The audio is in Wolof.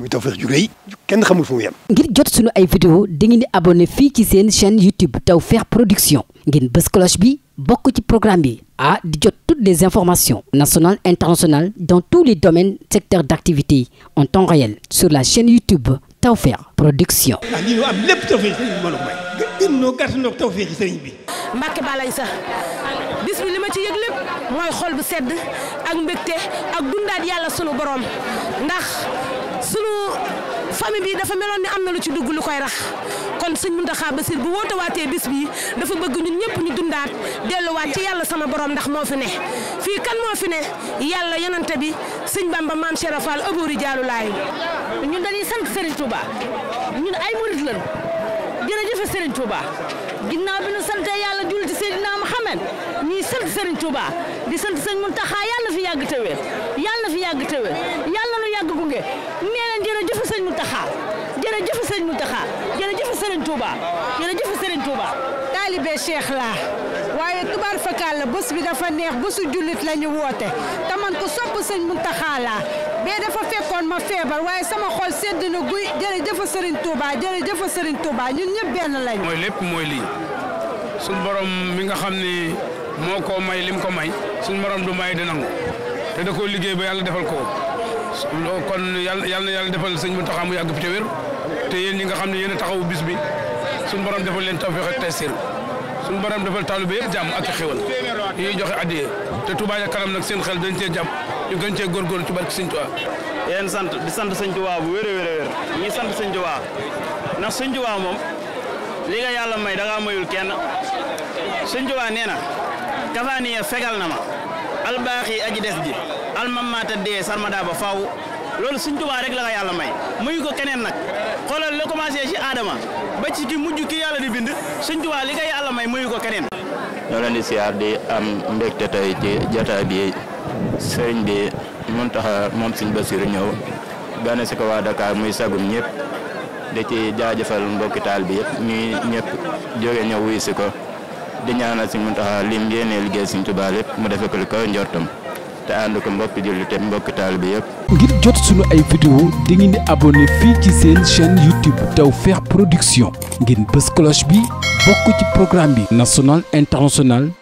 muy Tawfekh ju rëy kenn xamul fu mu yem. ngir jot sunu ay vidéo dangeen di abonné fii ci seen chaîne YouTube Tawfekh Production ngeen bës bi bokk ci programme bi ah di jot toutes les informations nationales internationales dans tous les domaines secteurs d'activité en temps réel sur la chaîne YouTube Tawfekh Production. ah lii ñu am lépp Tawfekh sëriñ bi mbooloo mooy. gën gën bis bi li ma ci yëg lépp mooy xol bu sedd ak mbégte ak dundaat yàlla sunu borom ndax. sunu famille bi dafa meloon ni am na lu ci dugg lu koy rax kon sëñ Mountakha Bassir bu wootewaatee bis bi dafa bëgg ñun ñëpp ñu dundaat delluwaat ci yàlla sama borom ndax moo fi ne fii kan moo fi ne yàlla yonante bi sëñ Bamba maam Cheikh Fall Abouri Diallo laay ñun dañuy sant Serigne Touba ñun ay murit lañu jërëjëf Serigne Touba ginnaaw bi ñu sant yàlla julli ci Seydina Mohamed ñuy sant Serigne Touba di sant sëñ Mountakha yàlla na fi yàgg tëwee yàlla na fi yàgg tëwee yàlla na nu yàgg sëñ Mountakha jërëjëf sëriñ Touba jërëjëf waaye tubaar fakal la bés bi dafa neex bésu jullit la ñu woote te man ko sopp sëñ Mountakha laa bee dafa fekkoon ma feebar waaye sama xol sedd na guy jërëjëf sëriñ Touba jërëjëf sëriñ Touba ñun ñëpp benn lañu. mooy lépp mooy lii suñ borom mi nga xam ni moo ko may mu ko may suñ borom du may di nangu te da koo liggéey ba yàlla defal ko kon yàlla yàlla defal sëñ Mountakha mu yàgg fi te wér te yéen ñi nga xam ne yéen a taxawu bis bi suñu borom defal leen tawfiq ak taysir suñu borom defal taalibe yëpp jàmm ak xéwal yi ñuy joxe addiye te Touba ca kanam nag seen xel dañ cee jàpp ñu gën cee góorgóorlu ci barke Sëñ Touba. sant di sant Sëñ Touba bu wér a wér a wér ñi sant Sëñ Touba ndax moom li yàlla may da ngaa mayul kenn Sëñ Touba nee na kafaaniya fegal na ma albaaxi aji des ji almamaata dee sarmada ba faaw. loolu suñ tubaa rek la ko yàlla may muyu ko keneen nag xoolal la commencé ci aadama ba ci ki mujj ki yàlla di bind suñ tubaa li ko yàlla may muyu ko keneen ñoo leen di siyaar di am mbégte tey ci jotaay bi sëriñ bi Muntaxa moom suñ Basiru ñëw gane si ko waa Dakar muy sagum ñëpp di ci jaajëfal mbokki taal bi yëpp ñuy ñëpp jóge ñëw wuy si ko di ñaanal suñ taxa lim yéene liggéey suñ tubaa lépp mu defe ko li kaw njortam te ànd ko mbokki yëpp. ngir jot sunu ay vidéo di ngeen di abonné fii ci seen chaîne YouTube Tawfekh Production ngeen bës cloche bi bokk ci programme bi national international.